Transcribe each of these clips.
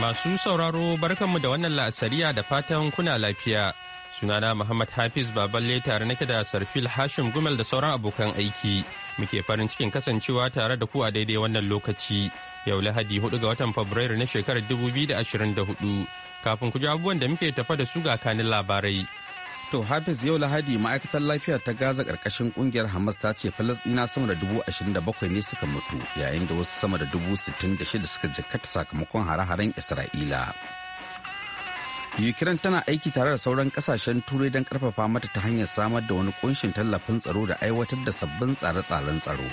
Masu sauraro barkanmu da wannan la'asariya da fatan kuna lafiya. Sunana Muhammad Hafiz Baballe tare nake da Sarfil Hashim Gumel da sauran abokan aiki. Muke farin cikin kasancewa tare da ku a daidai wannan lokaci. Yau Lahadi 4 ga watan Fabrairu na shekarar 2024. Kafin ku ji abubuwan da muke tafa da su ga kanin labarai. To Hafiz yau Lahadi ma'aikatar lafiya ta Gaza karkashin ƙungiyar Hamas ta ce Falasɗina sama da dubu ashirin da bakwai ne suka mutu yayin da wasu sama da dubu sittin da shida suka jikkata sakamakon hare-haren Isra'ila. Ukraine tana aiki tare da sauran kasashen turai don karfafa mata ta hanyar samar da wani kunshin tallafin tsaro da aiwatar da sabbin tsare-tsaren tsaro.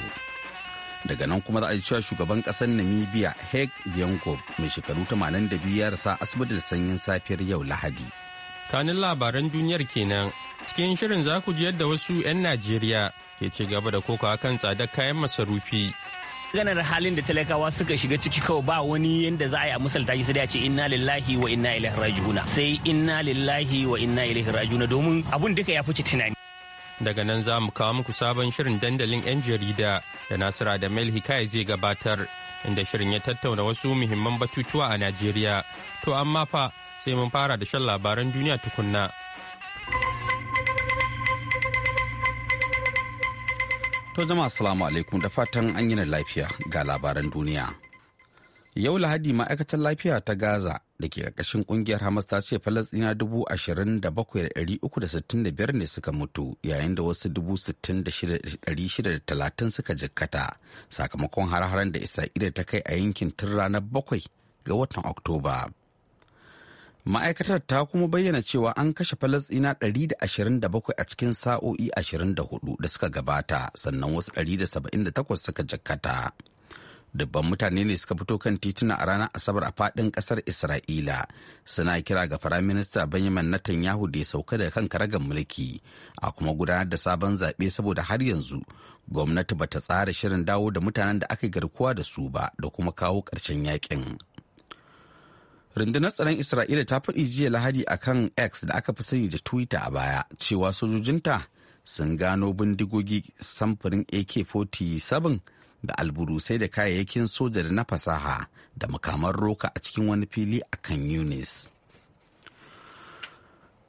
Daga nan kuma za a cewa shugaban ƙasar Namibia Heg Bianco mai shekaru biyu ya rasa asibiti da sanyin safiyar yau Lahadi. kanin labaran duniyar kenan cikin shirin za ku ji yadda wasu 'yan najeriya ke ci gaba da kokawa kan tsadar kayan masarufi maganar halin da talakawa suka shiga ciki kawai ba wani yadda za a yi a misalta shi sai a ce inna lillahi wa inna ilaihi rajiuna sai inna lillahi wa inna ilaihi rajiuna domin abun duka ya fice tunani daga nan za mu kawo muku sabon shirin dandalin 'yan jarida da nasira da mail hikaya zai gabatar inda shirin ya tattauna wasu muhimman batutuwa a najeriya to amma fa sai mun fara da shan labaran duniya tukunna. To jama'a salamu alaikum da fatan an yi lafiya ga labaran duniya. Yau Lahadi ma'aikatar lafiya ta Gaza da ke ƙarƙashin ƙungiyar Hamas ta ce Falasɗina dubu ashirin da bakwai da ɗari uku da sittin da biyar ne suka mutu yayin da wasu dubu sittin da ɗari shida da talatin suka jikkata sakamakon har-haren da Isra'ila ta kai a yankin tun ranar bakwai ga watan Oktoba. ma'aikatar ta kuma bayyana cewa an kashe falastina 127 a cikin sa'o'i 24 da suka gabata sannan wasu 178 suka jakkata dubban mutane ne suka fito kan tituna a ranar asabar a fadin kasar isra'ila suna kira ga firaminista benjamin netanyahu da ya sauka daga kan karagar mulki a kuma gudanar da sabon zaɓe saboda har yanzu gwamnati ba ta tsara shirin dawo da mutanen da aka garkuwa da su ba da kuma kawo ƙarshen yakin. rundunar tsaron isra'ila ta faɗi jiya lahadi a kan x da aka fi sani da twitter a baya cewa sojojinta sun gano bindigogi samfurin ak-47 da alburusai da kayayyakin soja da na fasaha da makaman roka a cikin wani fili akan kan yunis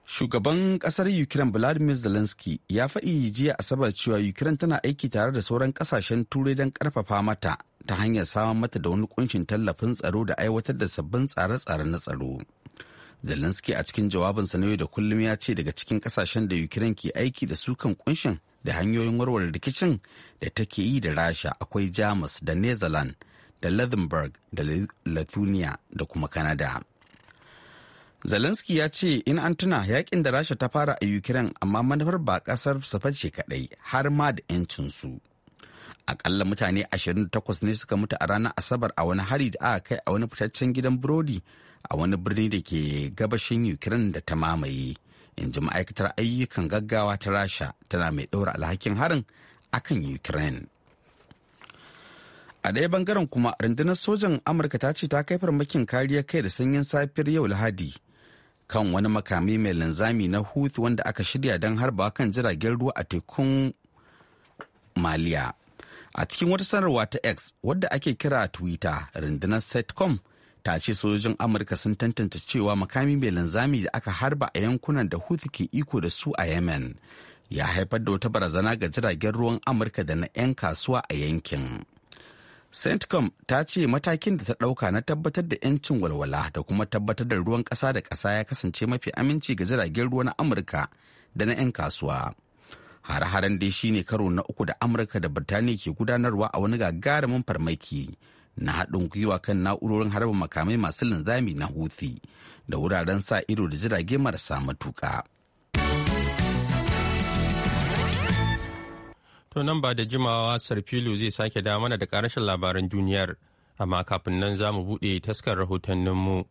Shugaban kasar Ukraine Vladimir Zelensky ya faɗi jiya Asabar cewa Ukraine tana aiki tare da sauran kasashen turai don ƙarfafa mata ta hanyar samun mata da wani kunshin tallafin tsaro da aiwatar da sabbin tsare-tsare na tsaro. Zelensky a cikin jawabinsa na yau da kullum ya ce daga cikin kasashen da Ukraine ke aiki da su kan kunshin da hanyoyin warware rikicin da take yi da Rasha akwai Jamus da Netherlands da Luxembourg da Lithuania da kuma kanada. Zelensky ya ce in an tuna yakin da Rasha ta fara a Ukraine amma manufar ba kasar su face kadai har ma da 'yancinsu. Akalla mutane 28 ne suka mutu a ranar Asabar a wani hari da aka kai a wani fitaccen gidan burodi a wani birni da ke gabashin Ukraine da ta mamaye. In ji ma'aikatar ayyukan gaggawa ta Rasha tana mai ɗora alhakin harin akan Ukraine. a ɗaya bangaren kuma rundunar sojan amurka ta ce ta kai farmakin kariya kai da sanyin safiyar yau lahadi kan wani makami mai linzami na Houthi wanda aka shirya don harba kan jiragen ruwa a tekun Maliya. A cikin wata sanarwa ta X wadda ake kira a Twitter, rundunar Setcom ta ce sojojin Amurka sun tantance cewa makami mai linzami da aka harba a yankunan da Houthi ke iko da su a Yemen ya haifar da wata barazana ga jiragen ruwan Amurka da na 'yan kasuwa a yankin. Centcom ta ce matakin da ta ɗauka na tabbatar da 'yancin walwala da kuma tabbatar da ruwan ƙasa da ƙasa ya kasance mafi aminci ga jiragen ruwa na Amurka da na 'yan kasuwa. har haren dai shine karo na uku da Amurka da Birtaniya ke gudanarwa a wani gagarumin farmaki na haɗin gwiwa kan na'urorin harba makamai masu linzami na huthi da wuraren sa ido da jirage marasa matuƙa. To nan ba da jimawa Sarfilu zai sake da mana da karashin labaran duniyar, amma kafin nan za mu buɗe taskar rahotanninmu.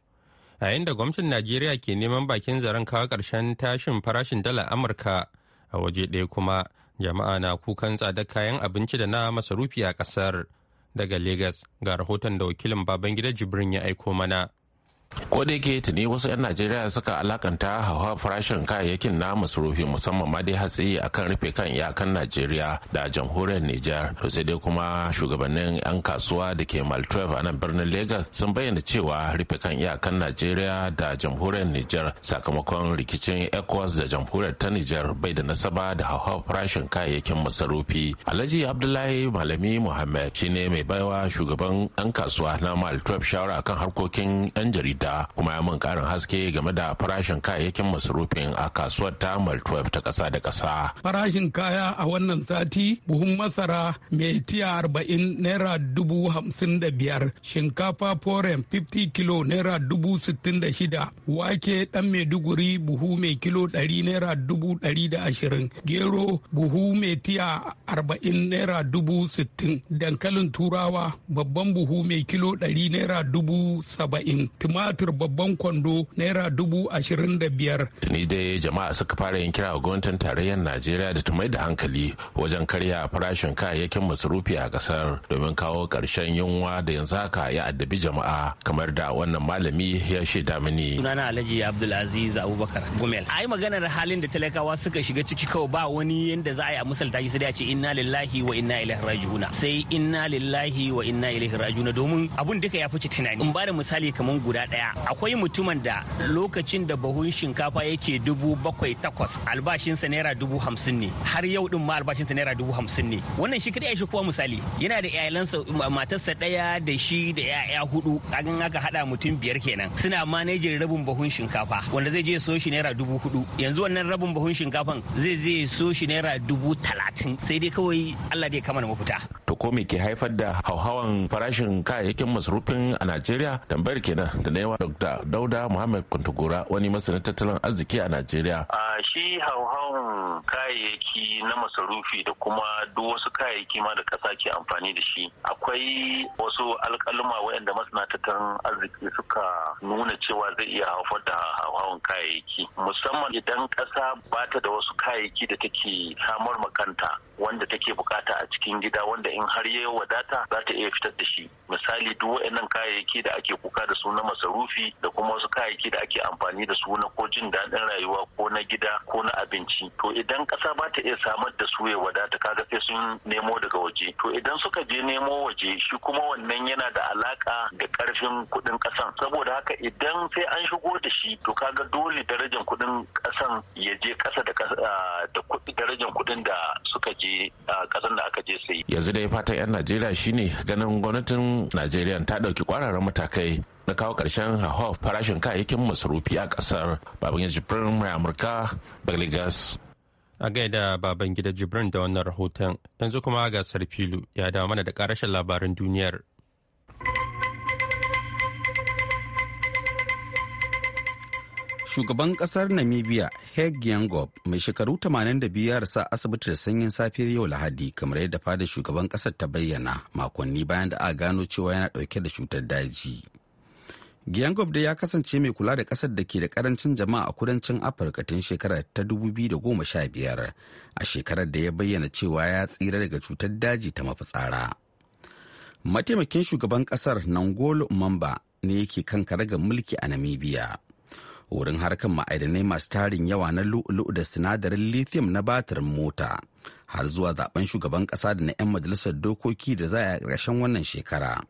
A yayin da gwamnatin Najeriya ke neman bakin zaren kawo ƙarshen tashin farashin dala Amurka a waje ɗaya kuma jama'a na kukan tsadar kayan abinci da na masarufi a ƙasar. Daga Legas ga rahoton da wakilin Babangida Jibrin ya aiko mana. ko da yake tuni wasu 'yan najeriya suka alakanta hawa farashin kayayyakin na masarufi musamman ma dai hatsi akan rufe kan iyakan najeriya da jamhuriyar niger to sai dai kuma shugabannin 'yan kasuwa da ke maltrev a nan birnin Legas sun bayyana cewa rufe kan iyakan najeriya da jamhuriyar niger sakamakon rikicin ecowas da jamhuriyar ta niger bai da nasaba da hawa farashin kayayyakin masarufi alhaji abdullahi malami muhammad shine mai baiwa shugaban 'yan kasuwa na maltrev shawara kan harkokin 'yan jarida da kuma ya mun karin haske game da farashin kayayyakin masarufin a kasuwar ta 12 ta kasa da kasa. Farashin kaya a wannan sati buhun masara mai tiya arba'in naira dubu hamsin da biyar shinkafa foren 50 kilo naira dubu sittin da shida wake ɗan maiduguri buhu mai kilo 100 naira dubu dari da ashirin gero buhu mai tiya arba'in naira dubu sittin dankalin turawa babban buhu mai kilo 100 naira dubu saba'in tumatir babban kwando naira dubu ashirin da biyar. Tuni dai jama'a suka fara yin kira gwamnatin tarayyar Najeriya da ta mai da hankali wajen karya farashin kayayyakin masarufi a kasar domin kawo ƙarshen yunwa da yanzu haka ya addabi jama'a kamar da wannan malami ya shaida mini. Sunana Alhaji Abdulaziz Abubakar Gumel. a yi maganar halin da talakawa suka shiga ciki kawai ba wani yanda za a yi a misalta shi sai a ce inna lillahi wa inna ilaihi raji'un. Sai inna lillahi wa inna ilaihi raji'un domin abun duka ya fice tunani. In ba da misali kamar guda daya akwai mutumin da lokacin da buhun shinkafa yake dubu bakwai takwas albashinsa naira dubu hamsin ne har yau din ma albashinsa naira dubu hamsin ne wannan shi kadai shi kuwa misali yana da iyalansa matarsa daya da shi da 'ya'ya hudu kagan aka hada mutum biyar kenan suna manajan rabin buhun shinkafa wanda zai je so shi naira dubu hudu yanzu wannan rabin buhun shinkafan zai je so shi naira dubu talatin sai dai kawai allah dai kama mafita to ko me ke haifar da hauhawan farashin kayayyakin masrufin a najeriya tambayar kenan da na yawa dr dauda muhammad kuntugura wani masanin tattalin arziki a najeriya shi hauhawun kayayyaki na masarufi da kuma duk wasu kayayyaki ma da kasa ke amfani da shi akwai wasu alkaluma waɗanda masana tattalin arziki suka nuna cewa zai iya haifar da hauhaun kayayyaki musamman idan ƙasa ba ta da wasu kayayyaki da take samar makanta wanda take bukata a cikin gida wanda in har ya wadata za ta iya fitar da shi misali duk waɗannan kayayyaki da ake kuka da su na masarufi da kuma wasu kayayyaki da ake amfani da su na ko jin daɗin rayuwa ko na gida ko na abinci to idan ƙasa ba ta iya samar da su ya wadata kaga sai sun nemo daga waje to idan suka je nemo waje shi kuma wannan yana da alaka da ƙarfin kuɗin ƙasan saboda haka idan sai an shigo da shi to kaga dole darajar kuɗin ƙasan ya je ƙasa da ah, darajar kuɗin da suka je je kasar ah, da aka je sai yanzu dai fatan yan najeriya shine ganin gwamnatin najeriya ta dauki kwararan matakai na kawo karshen hauhawar farashin kayayyakin masarufi a kasar yanzu jibrin mai amurka da lagos a gaida babangida jibrin da wannan rahoton yanzu kuma ga sarfilu ya dawo mana da karashen labarin duniyar shugaban ƙasar namibia heg yangob mai shekaru 85 sa asibiti da sanyin safiyar yau lahadi kamar yadda fadar shugaban ƙasar ta bayyana makonni bayan da aka gano cewa yana dauke da cutar daji Giyangob da ya kasance mai kula da ƙasar da ke da karancin jama'a a kudancin Afirka tun shekarar ta 2015 a shekarar da ya bayyana cewa ya tsira daga cutar daji ta mafitsara. Mataimakin shugaban ƙasar Nangolo Mamba ne yake kan karagar mulki a Namibia. wurin harkar ma'adanai masu tarin yawa na lu'u da sinadarin lithium na batirin mota har zuwa zaben shugaban kasa da na 'yan majalisar dokoki da za a ƙarshen wannan shekara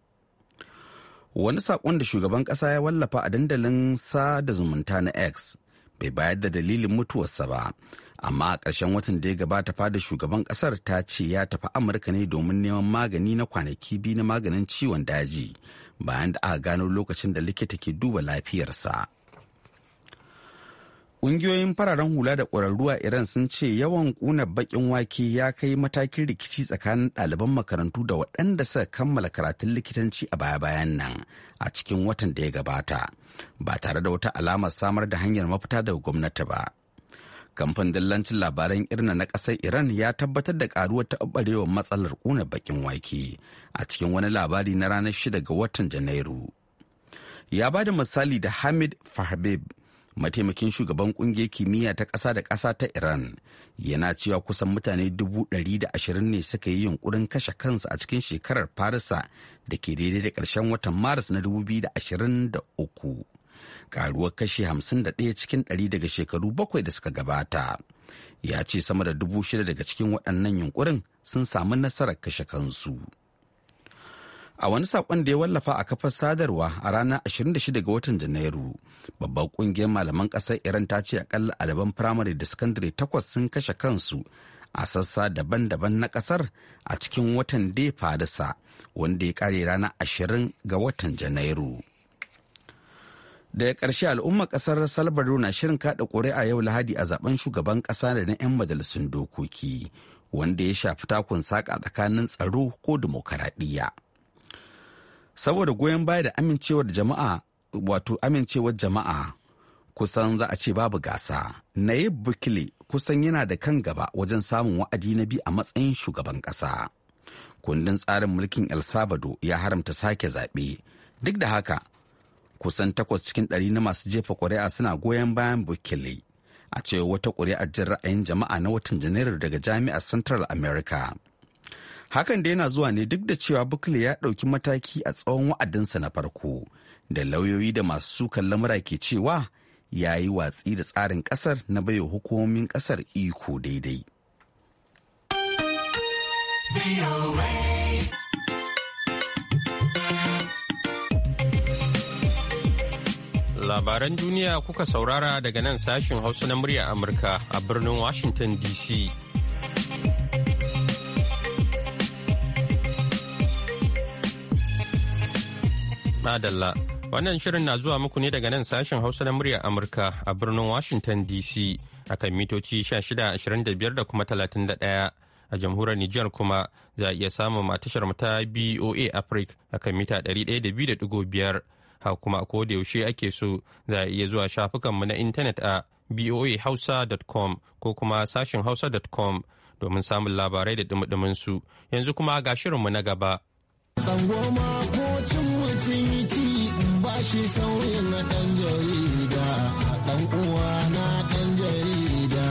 wani saƙon da shugaban ƙasa ya wallafa a dandalin sada zumunta na x bai bayar da dalilin mutuwarsa ba amma a ƙarshen watan da ya gabata fada shugaban ƙasar ta ce ya tafi amurka ne domin neman magani na kwanaki biyu na maganin ciwon daji bayan da aka gano lokacin da likita ke duba lafiyarsa Ƙungiyoyin fararen hula da ƙwararru a Iran sun ce yawan ƙuna baƙin wake ya kai matakin rikici tsakanin ɗaliban makarantu da waɗanda suka kammala karatun likitanci a baya-bayan nan a cikin watan da ya gabata, ba tare da wata alamar samar da hanyar mafita daga gwamnati ba. Kamfan dillancin labaran Irna na ƙasar Iran ya tabbatar da ƙaruwar taɓarewar matsalar ƙuna baƙin wake a cikin wani labari na ranar shida ga watan Janairu. Ya ba da misali da Hamid Fahbib, mataimakin shugaban kungiyar kimiyya ta ƙasa da ƙasa ta iran yana cewa kusan mutane 120 ne suka yi yunkurin kashe kansu a cikin shekarar farisa da ke daidai da ƙarshen watan maris na 2023 karuwar kashe 51 cikin 100 daga shekaru bakwai da suka gabata ya ce sama da 6,000 daga cikin waɗannan yunkurin sun samu nasarar kashe kansu. A wani saƙon da ya wallafa a kafar sadarwa a ranar 26 ga watan Janairu, babban ƙungiyar malaman ƙasar Iran ta ce akalla ɗaliban firamare da sakandare takwas sun kashe kansu a sassa daban-daban na ƙasar a cikin watan da Farisa, wanda ya ƙare ranar 20 ga watan Janairu. Daga ƙarshe al'ummar ƙasar Salvador na shirin kaɗa ƙuri'a yau Lahadi a zaben shugaban ƙasa da na 'yan majalisun dokoki, wanda ya shafi takun saƙa tsakanin tsaro ko dimokuraɗiyya. saboda goyon baya da amincewar jama'a wato amincewar jama'a kusan za a ce babu gasa nayib bukile kusan yana da kan gaba wajen samun wa'adi na biyu a matsayin shugaban ƙasa kundin tsarin mulkin el sabado ya haramta sake zaɓe duk da haka kusan takwas cikin ɗari na masu jefa ƙuri'a suna goyon bayan bukile a cewa wata ƙuri'ar jin ra'ayin jama'a na watan janairu daga jami'ar central america hakan da yana zuwa ne duk da cewa bukle ya ɗauki mataki a tsawon wa'adinsa na farko da lauyoyi da masu sukan lamura ke cewa ya yi watsi da tsarin ƙasar na baiwa hukumomin ƙasar iko daidai. Labaran duniya kuka saurara daga nan sashin Hausa na murya Amurka a birnin Washington DC. Madalla. Wannan shirin na zuwa muku ne daga nan sashen Hausa na muryar Amurka a birnin Washington DC a kan mitoci 1625 da kuma 31 a jamhuriyar Nijar kuma za a iya samun matashar ta BOA Africa kan mita 102.5 ha kuma a koda yaushe ake so za a iya zuwa shafukanmu na intanet a boahausa.com ko kuma sashen hausa.com domin samun labarai da dumudumin su yanzu kuma ga shirinmu na gaba. sun yi ci ba shi sauyin na ɗan jarida ɗan uwa na ɗan jarida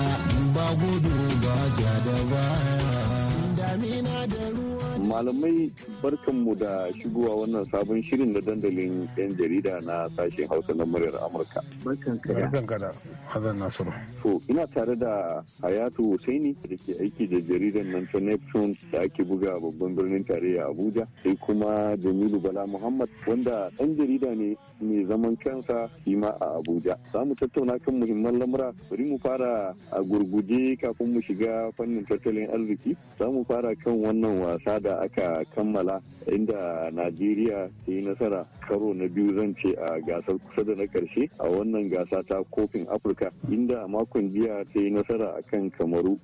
ba gudu ba ja da damina malamai barkanmu da shigowa wannan sabon shirin da dandalin 'yan jarida na sashen hausa na muryar amurka barkanka da hazan nasiru to ina tare da hayatu husaini da ke aiki da jaridan nan ta neptune da ake buga babban birnin tarayya abuja sai kuma jamilu bala muhammad wanda ɗan jarida ne mai zaman kansa shima a abuja za mu tattauna kan muhimman lamura bari mu fara a gurguje kafin mu shiga fannin tattalin arziki za mu fara kan wannan wasa da da aka kammala inda najeriya ta yi nasara karo na biyu zan ce a gasar kusa da na karshe a wannan gasa ta kofin afirka inda makon jiya ta yi nasara akan kamaru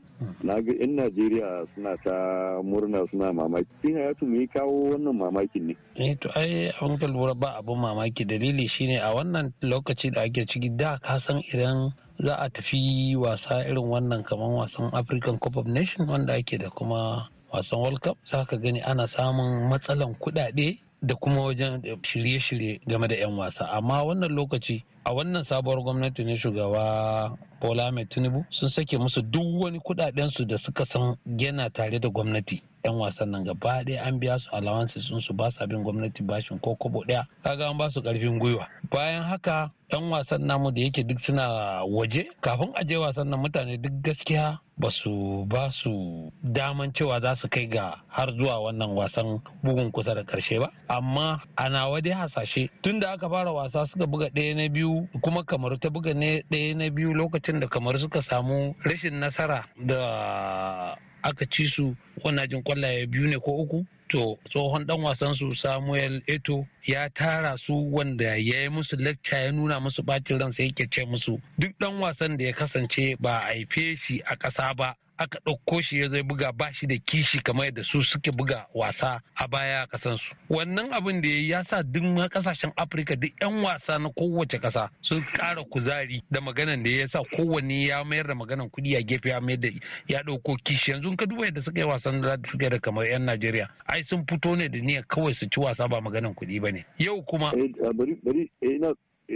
na ga 'yan najeriya suna ta murna suna mamaki ina ya me kawo wannan mamakin ne eh to ai abin ka lura ba abin mamaki dalili shine a wannan lokaci da ake ciki da ka san idan za a tafi wasa irin wannan kamar wasan african cup of nation wanda ake da kuma wasan world cup za ka gani ana samun matsalan kuɗaɗe da kuma wajen shirye-shirye game da 'yan wasa amma wannan lokaci a wannan sabuwar gwamnati ne shugaba Bola Mai Tinubu sun sake musu duk wani kudadensu da suka san yana tare da gwamnati. 'Yan wasan nan gaba ɗaya an biya su alawansu sun su ba bin gwamnati bashin ko kobo ɗaya kaga an ba su ƙarfin gwiwa. Bayan haka 'yan wasan namu da yake duk suna waje kafin aje wasan nan mutane duk gaskiya ba su ba su daman cewa za su kai ga har zuwa wannan wasan bugun kusa da ƙarshe ba. Amma ana wade hasashe Tunda aka fara wasa suka buga ɗaya na biyu biyu kuma kamaru ta buga ne ɗaya na biyu lokacin da kamaru suka samu rashin nasara da aka ci su wannan jin kwallaye biyu ne ko uku to tsohon dan wasan su Samuel Eto ya tara su wanda ya yi musu lacca ya nuna musu bacin ransa yake ce musu duk dan wasan da ya kasance ba a haife shi a ƙasa ba aka ɗauko shi ya zai buga ba shi da kishi kamar yadda su suke buga wasa a baya a kasansu wannan abin da ya sa duk kasashen afirka duk 'yan wasa na kowace kasa sun ƙara kuzari da maganan da ya sa kowanne ya mayar da maganan kuɗi a gefe ya mayar da ya ɗauko kishi yanzu ka duba yadda suka yi wasan da suka da kamar 'yan najeriya ai sun fito ne da niyyar kawai su ci wasa ba maganan kuɗi ba ne yau kuma eh, eh,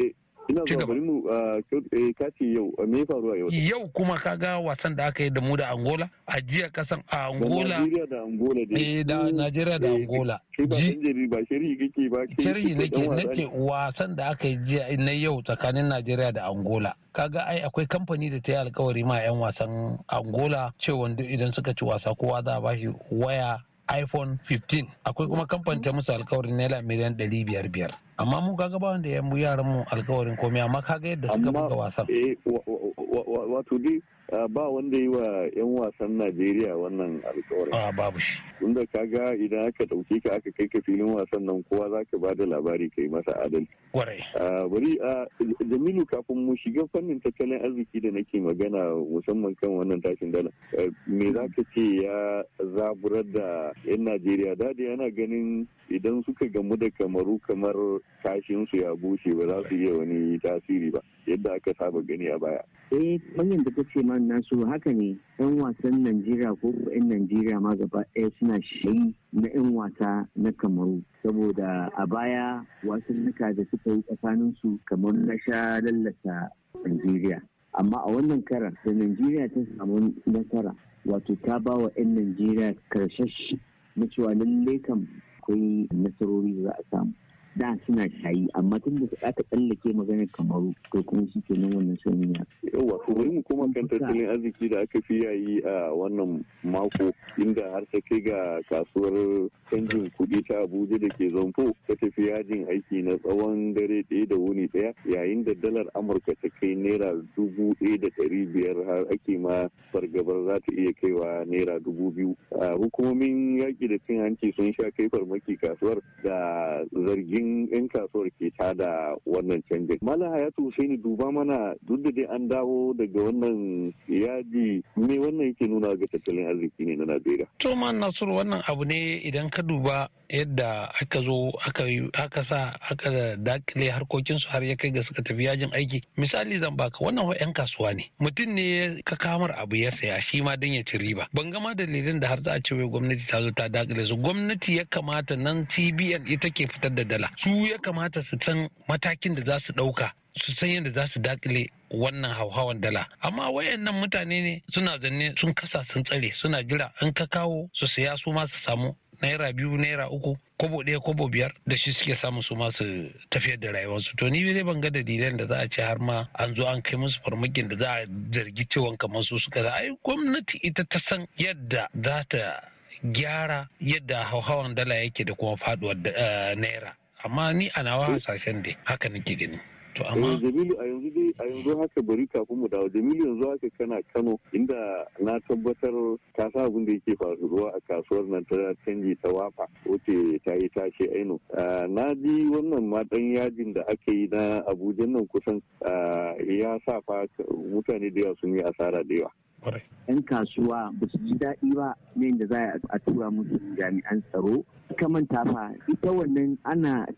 eh, Ah, eh, ah, yau kuma kaga wasan da aka yi da mu da Angola a jiya kasan a Angola da Angola da Najeriya da Angola eh, eh, shi nake wasan da aka yi jiya na yau tsakanin Najeriya da Angola kaga ai akwai kamfani da ta yi alkawari ma 'yan wasan Angola cewa idan suka ci wasa kowa za a bashi waya iphone 15 akwai kuma kamfanin ta musu alkawarin naira miliyan 500 amma mu ga gaba wanda ya mu yaran mu alkawarin komai amma kaga yadda suka buga wasan eh, wato dai ba wanda yi wa 'yan wasan najeriya wannan alkawarin a babu shi ka ga idan aka dauke ka aka kai ka filin wasan nan kowa za ka ba da labari kai masa adal? kwarai a jamilu kafin mu shiga fannin tattalin arziki da nake magana musamman kan wannan tashin dala me za ka ce ya zaburar da 'yan najeriya dadi yana ganin idan suka gamu da kamaru kamar kashin su ya bushe ba za su iya wani tasiri ba yadda aka saba gani a baya eh manyan da ce man nasu haka ne yan wasan najeriya ko yan najeriya ma gaba ɗaya suna shayi na yan wasa na kamaru saboda a baya wasannuka da suka yi tsakanin su kamar na sha lallata najeriya amma a wannan karan da najeriya ta samu nasara wato ta ba wa 'yan najeriya karshe na cewa lallai kam akwai nasarori za a samu da suna shayi amma tun da aka tsallake maganar kamaru to kuma shi ke nan wannan ya yawa to bari mu kan tattalin arziki da aka fi yayi a wannan mako inda har ta kai ga kasuwar canjin kuɗi ta abuja da ke zamfo ta tafi yajin aiki na tsawon dare ɗaya da wuni ɗaya yayin da dalar amurka ta kai naira dubu ɗaya da ɗari biyar har ake ma fargabar za ta iya kaiwa naira dubu biyu hukumomin yaƙi da cin hanci sun sha kai farmaki kasuwar da zargin 'yan kasuwar ke da wannan canjin. Malam Hayatu Husaini duba mana duk da dai an dawo daga wannan yaji me wannan yake nuna ga tattalin arziki ne na Najeriya. To man Nasiru wannan abu ne idan ka duba yadda aka zo aka sa aka dakile harkokinsu har ya kai ga suka tafi yajin aiki. Misali zan baka wannan wa 'yan kasuwa ne. Mutum ne ka kamar abu ya saya shi ma don ya ci riba. Ban gama dalilin da har za a ce wai gwamnati ta zo ta dakile su. Gwamnati ya kamata nan CBN ita ke fitar da dala. su ya kamata su san matakin da za su ɗauka su san yadda za su dakile wannan hauhawan dala amma wayannan mutane ne suna zanne sun kasa sun tsare suna jira an ka kawo su saya su ma su samu naira biyu naira uku kobo ɗaya kobo biyar da shi suke samu su masu tafiyar da rayuwarsu to ni dai ban ga dalilan da za a ce har ma an zo an kai musu farmakin da za a zargi cewan kamar su suka da ai gwamnati ita ta san yadda za ta gyara yadda hauhawan dala yake da kuma faduwar eh, naira amma ni a nawa hasashen da haka nake gani to eh, jamilu a yanzu dai a yanzu haka bari kafin mu dawo jamilu yanzu haka kana kano inda na tabbatar ka sa abin da yake faruwa a kasuwar nan ta canji ta wafa wace ta yi tashi aino ah, na ji wannan ma yajin da aka yi na abuja nan kusan ah, ya sa fa mutane da yawa sun yi asara da yawa yan kasuwa ba su ji daɗi ba ne da za a tura musu jami'an tsaro ka manta fa ita wannan ana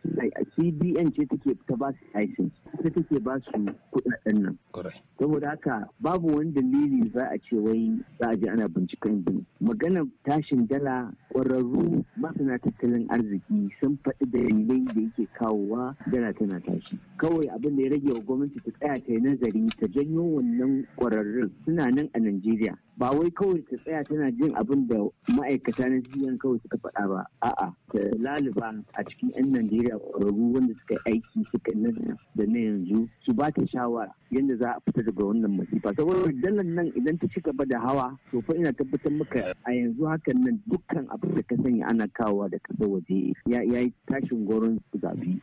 cbn ce take ta ba su license ta take ba su kudaden nan saboda haka babu wani dalili za a ce wai za a ji ana binciken bin magana tashin dala kwararru masana tattalin arziki sun faɗi da dalilai da yake kawowa dala tana tashi kawai abin da ya rage wa gwamnati ta tsaya ta yi nazari ta janyo wannan kwararrun suna nan a najeriya ba wai kawai ta tsaya tana jin abin da ma'aikata na cbn kawai suka faɗa ba a A ta laliba a cikin 'yan Najeriya ƙwararru wanda suka yi aiki suka nan da na yanzu su ba ta shawara yadda za a fita daga wannan masifa saboda dalar nan idan ta ci gaba da hawa to fa ina tabbatar maka a yanzu hakan nan dukkan abin da ka sanya ana kawowa da kasar waje ya yi tashin goron zabi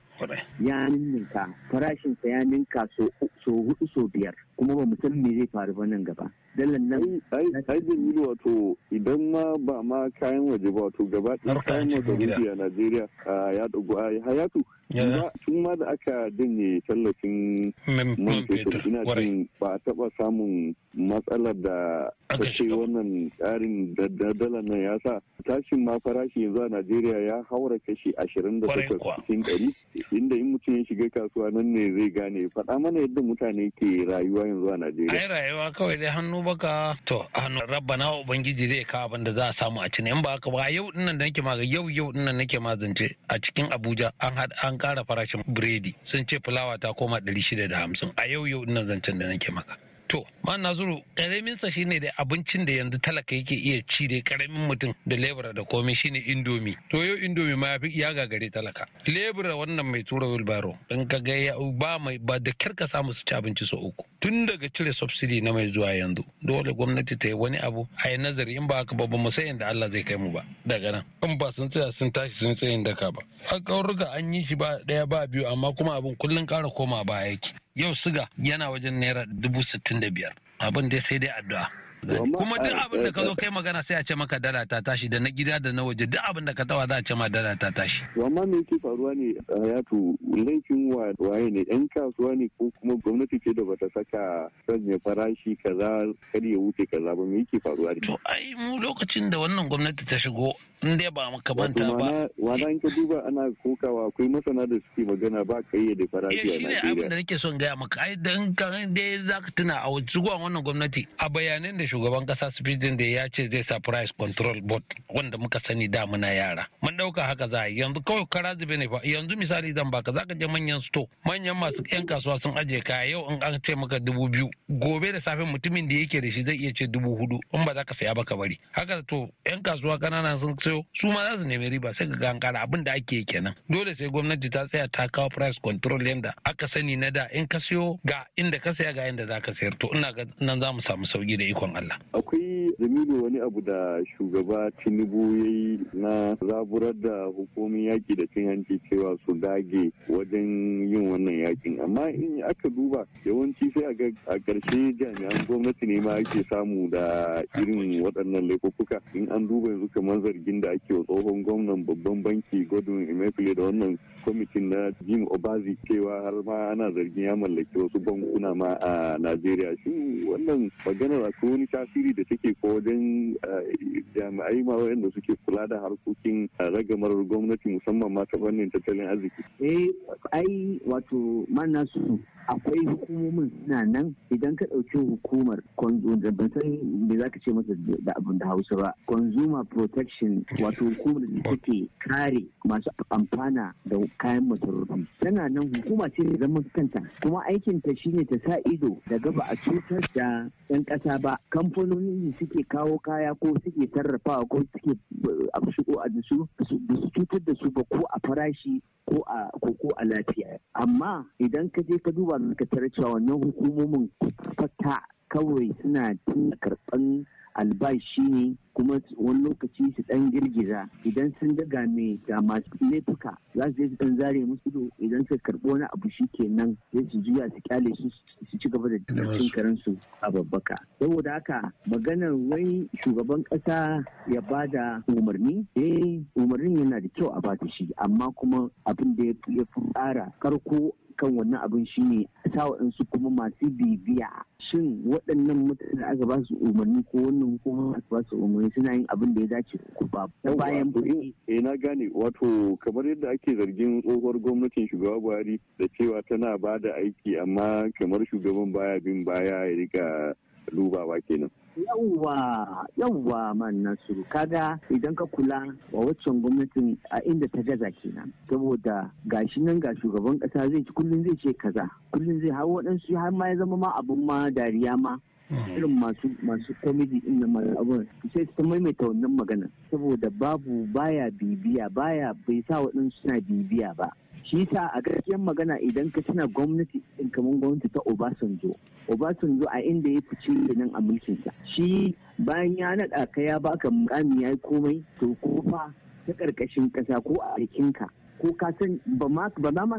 ya ninka farashinsa ya ninka so hudu so biyar kuma ba mu san me zai faru ba nan gaba dalan nan ai ai wato idan ma ba ma kayan waje ba wato gaba ɗaya. saudiya najeriya hayatu buhari hayatu tun ma da aka janye tallafin man fetur ina ba a taba samun matsalar da ta ce wannan tsarin daddala nan ya sa tashin ma farashi yanzu a najeriya ya haura kashi ashirin da takwas cikin ɗari inda in mutum ya shiga kasuwa nan ne zai gane faɗa mana yadda mutane ke rayuwa yanzu a najeriya ai rayuwa kawai dai hannu baka to hannu rabba na ubangiji zai kawo abin da za a samu a cini in ba haka ba yau dinnan da nake ma yau yau dinnan nake ma zance a cikin abuja an kara farashin biredi sun ce fulawa ta koma ɗari shida da hamsin a yau yau ina zancen da nake maka To, man Nasiru, karamin sa shine da abincin da yanzu talaka yake iya ci da karamin mutum da lebura da komai shine indomi. To yau indomi ma yafi ya gagare talaka. Lebura wannan mai tura wilbaro in ka ga ya ba mai ba da kyar ka samu su ci abinci sau uku. Tun daga cire subsidy na mai zuwa yanzu. Dole gwamnati ta yi wani abu a yi nazari in ba haka ba mu san yadda Allah zai kai mu ba daga nan. In ba sun tsaya sun tashi sun tsayin daka ba. A ƙaurruka an yi shi ba daya ba biyu amma kuma abin kullum kara koma ba yake. yau suga yana wajen naira dubu sittin da biyar abin dai sai dai addu'a kuma duk abin da ka zo kai magana sai a ce maka dala ta tashi da na gida da na waje duk abin da ka tawa za a ce ma dala ta tashi. amma me yake faruwa ne to laifin waye ne yan kasuwa ne ko kuma gwamnati ce da bata saka sanya farashi kaza kar ya wuce kaza ba me yake faruwa ne. to ai mu lokacin da wannan gwamnati ta shigo in dai ba makamanta ba wanda in ka duba ana kokawa akwai masana da suke magana ba ka da farashi a eh, Najeriya abin da nake son gaya maka ai ka. kan dai ka tuna a zuwa wannan gwamnati a bayanan da shugaban kasa Spidin da ya ce zai sa price control board wanda muka sani da muna yara mun dauka haka za yanzu kawai kara zube ne fa yanzu misali zan baka zaka je manyan sto manyan masu yan kasuwa sun ajiye kaya yau in an ce maka dubu biyu gobe da safe mutumin da yake da shi zai iya ce dubu hudu in ba za ka saya ba ka bari haka to yan kasuwa kanana sun siyo su ma za su nemi riba sai ga gangara abin da ake kenan dole sai gwamnati ta tsaya ta kawo price control yanda aka sani na da in ka siyo ga inda ka saya ga inda za ka sayar to ina ga nan za mu samu sauki da ikon Allah akwai jamilu wani abu da shugaba Tinubu ya na zaburar da hukumin yaki da cin hanci cewa su dage wajen yin wannan yakin amma in aka duba yawanci sai a ƙarshe jami'an gwamnati ne ma ake samu da irin waɗannan laifuka in an duba yanzu kamar zargin da ake wa tsohon gwamnan babban banki godwin emefile da wannan kwamitin na jim obazi cewa har ma ana zargin ya mallaki wasu bankuna ma a najeriya shi wannan maganar akwai wani tasiri da take ko wajen eh, jami'ai ma wayanda suke kula da harkokin eh, ragamar gwamnati musamman ma ta fannin tattalin arziki eh ai wato mana su akwai hukumomin suna nan idan ka ɗauki hukumar ban san me za ka ce masa da abin da hausa ba consumer protection wato hukumar da take kare masu amfana da kayan masarufi tana nan hukuma ce da zaman kanta kuma aikin ta shine ta sa ido daga ba a cutar da yan ƙasa ba kamfanoni da suke kawo kaya ko suke sarrafawa ko suke eh, shigo a su su cutar da su ba ko a farashi ko a koko a lafiya amma idan ka je ka duba ka tarar cewa wannan hukumomin fata kawai suna tun karɓan albashi ne kuma wani lokaci su dan girgiza idan sun daga mai ga masu laifuka za su je su dan zare musu ido idan suka karɓo wani abu shi kenan sai su juya su kyale su su ci gaba da cin karen a babbaka saboda haka maganar wai shugaban ƙasa ya ba da umarni eh umarnin yana da kyau a ba shi amma kuma abin da ya fi tsara karko kan wannan abin a sa waɗansu kuma masu bibiya shin waɗannan mutane da aka ba su umarni ko wannan hukuma aka ba su umarni suna yin abin da ya dace ku ba bayan eh, eh na gane wato kamar yadda ake zargin tsohuwar gwamnatin shugaba Buhari da cewa tana ba da aiki amma kamar shugaban baya bin baya ya rika rubawa kenan. yawwa yawwa man nasu kaga idan ka kula wa waccan gwamnatin a inda ta gaza kenan saboda gashi nan ga shugaban kasa zai ci kullum zai ce kaza kullum zai hau waɗansu har ma ya zama ma abun ma dariya ma Mm. irin masu masu komedi din nan mai abun sai su maimaita wannan magana saboda babu baya bibiya baya bai sa waɗansu suna bibiya ba shi yasa a gaskiyar magana idan ka tana gwamnati din kamar gwamnati ta Obasanjo Obasanjo a inda ya fice nan a mulkin sa shi bayan ya naɗa ka ya baka mukami yayi komai to ko fa ta karkashin kasa ko a jikinka ko ka san ba ma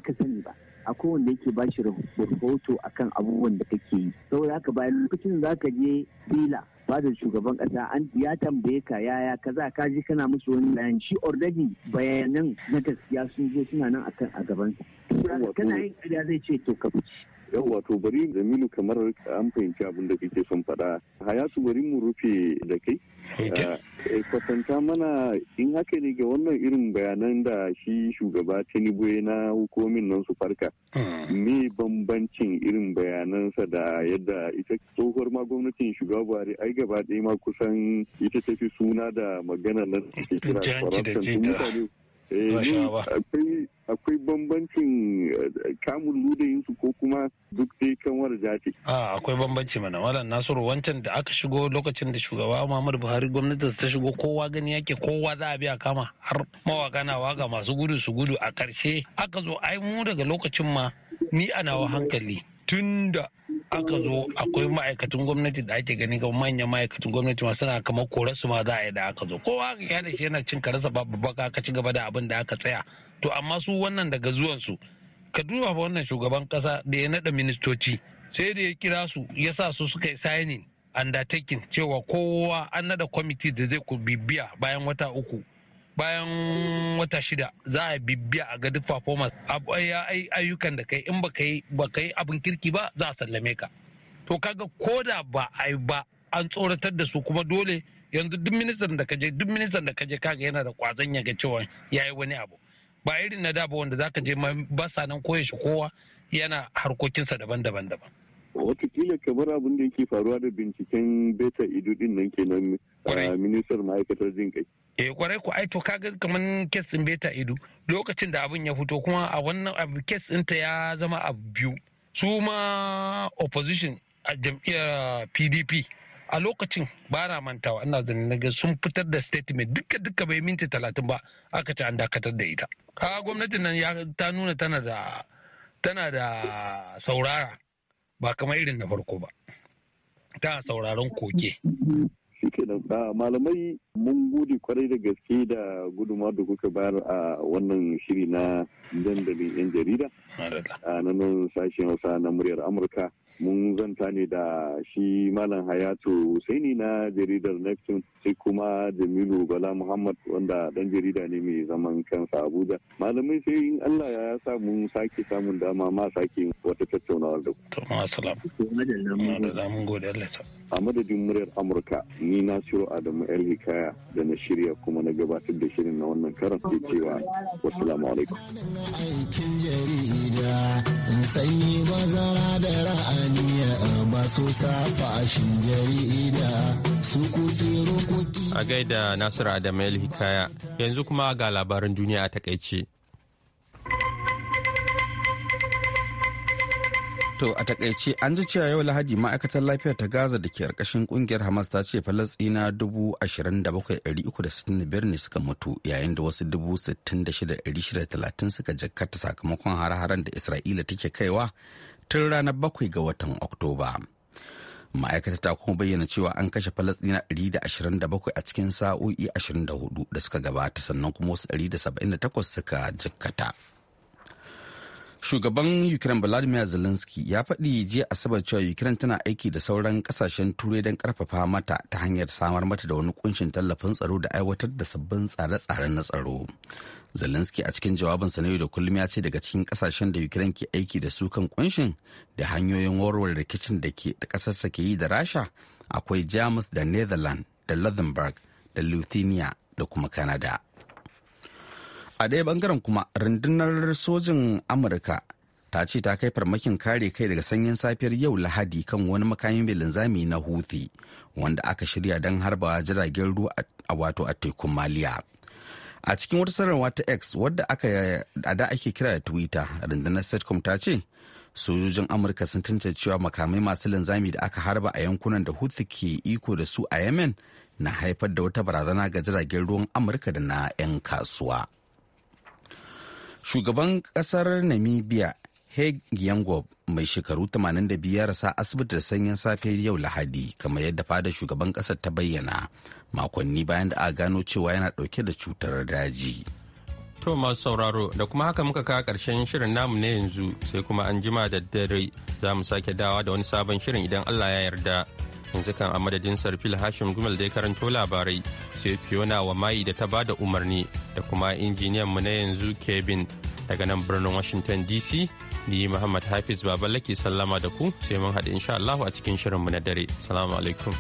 ka sani ba akwai wanda yake ba shi rahoto akan abubuwan da kake yi saboda haka bayan lokacin za ka je fila da shugaban kasa an ya tambaye ka yaya kaza ka ji kana musu wani bayan shi already bayanan na gaskiya sun zo suna nan akan a gaban kana yin kariya zai ce to ka fice yau wato bari jamilu kamar an fahimci abin da kake son faɗa hayatu bari mu rufe da kai ah, eh, kwatanta mana in haka ne ga wannan irin bayanan da shi shugaba tinubu na hukumin nan su farka hmm. me bambancin irin bayanansa da yadda ita tsohuwar ma gwamnatin shugaba buhari ai gaba ɗaya ma kusan ita tafi suna da magana nan da ke kira Eh, akwai bambancin eh, kamun su ko kuma duk dai kanwar jati. A ah, akwai bambanci mana malam Nasiru wancan da aka shigo lokacin da shugaba Muhammadu Buhari gwamnati ta shigo kowa gani yake kowa za a biya kama har mawaka na waka masu gudu su gudu a karshe aka zo ai mu daga lokacin ma ni ana wa hankali. tun da aka zo akwai ma'aikatan gwamnati da ake gani ga manyan ma'aikatan gwamnati ma suna kamar su ma za a yi da aka zo kowa ya da shi yana cin karasa babbaka ka ci gaba da abin da aka tsaya to amma su wannan daga zuwan su ka duba fa wannan shugaban kasa da ya nada ministoci sai da ya kira su ya sa su suka yi signing undertaking cewa kowa an nada kwamiti da zai ku bibiya bayan wata uku bayan wata shida za a bibiya a ga duk performance ayyukan da kai in ba kai abin kirki ba za a sallame ka to kaga koda ba a ba an tsoratar da su kuma dole yanzu duk ministan da kaje duk ministan da kaje kaga yana da kwazon ya ga cewa yayi wani abu ba irin na da ba wanda zaka je ba sa nan koya shi kowa yana harkokinsa daban-daban daban watakila kamar abin da yake faruwa da binciken beta idu din nan kenan ministar ma'aikatar jin kai eh kwarai ku ai to kaga kaman kes din beta ido lokacin da abin ya fito kuma a wannan abu kes ɗinta ya zama a biyu su ma opposition a jam'iyyar pdp a lokacin ba na mantawa ina zanen ga sun fitar da statement duka duka bai minti talatin ba aka ce an dakatar da ita ka gwamnatin nan ya ta nuna tana da tana da saurara ba kamar irin na farko ba ta sauraron koke shikenan ah, malamai mun gode kwarai da gaske da guduma da kuka bayar a wannan shiri na dandalin yan jarida a ah, nan sashen hausa na muryar amurka mun zanta ne da shi malam hayato husaini na jaridar neptune sai kuma jamilu bala muhammad wanda dan jarida ne mai zaman kansa abuja malamai sai in allah ya sa mun sake samun dama ma sake wata tattaunawar da ku. a madadin muryar amurka ni na ciro adamu yar hikaya da na shirya kuma na gabatar da shirin na wannan karan ke cewa wasu alaikum. masu safa su kuti rukuti A gaida Nasiru Adamu Hikaya yanzu kuma ga labarin duniya a takaice. To a takaice an ji cewa yau Lahadi ma'aikatar lafiyar ta Gaza da ke karkashin kungiyar Hamas ta ce falastina 27,365 ne suka mutu yayin da wasu 66,630 suka jakarta sakamakon har haren da Isra'ila take kaiwa tun ranar bakwai ga watan Oktoba. ma'aikata ta kuma bayyana cewa an kashe falastina 127 a cikin sa'o'i 24 da suka gabata sannan kuma wasu 178 suka jikkata. shugaban ukraine vladimir zelensky ya faɗi jiya asabar cewa ukraine tana aiki da sauran kasashen turai don karfafa mata ta hanyar samar mata da wani kunshin tallafin tsaro da aiwatar da sabbin tsare-tsaren na tsaro zelensky a cikin sa na yau da kullum ya ce daga cikin kasashen da ukraine ke aiki da su kan kunshin da hanyoyin warware rikicin da ke da ƙasarsa ke yi da rasha akwai jamus da netherlands da luxembourg da lithuania da kuma canada a ɗaya bangaren kuma rundunar sojin amurka ta ce ta kai farmakin kare kai daga sanyin safiyar yau lahadi kan wani makamin mai linzami na huthi wanda aka shirya don harba jiragen ruwa a wato a tekun maliya a cikin wata sararwa ta x wadda aka da ake kira da twitter rundunar setcom ta ce sojojin amurka sun tunce cewa makamai masu linzami da aka harba a yankunan da huthi ke iko da su a yemen na haifar da wata barazana ga jiragen ruwan amurka da na 'yan kasuwa. shugaban kasar namibia heg yangob mai shekaru 85 ya rasa asibitar sanyin safe yau lahadi kamar yadda fada shugaban kasar ta bayyana makonni bayan da a gano cewa yana dauke da cutar daji to masu sauraro da kuma haka muka kawo karshen shirin namu na yanzu sai kuma an jima da dare za mu sake dawa da wani sabon shirin idan allah ya yarda yanzu kan a madadin sarfil hashim gumal ya karanto labarai sai fiona wa mayi da ta bada umarni da kuma injiniyan mu na yanzu kevin daga nan birnin washington dc ni muhammad hafiz babalaki sallama da ku sai mun haɗu insha allahu a cikin shirinmu na dare salamu alaikum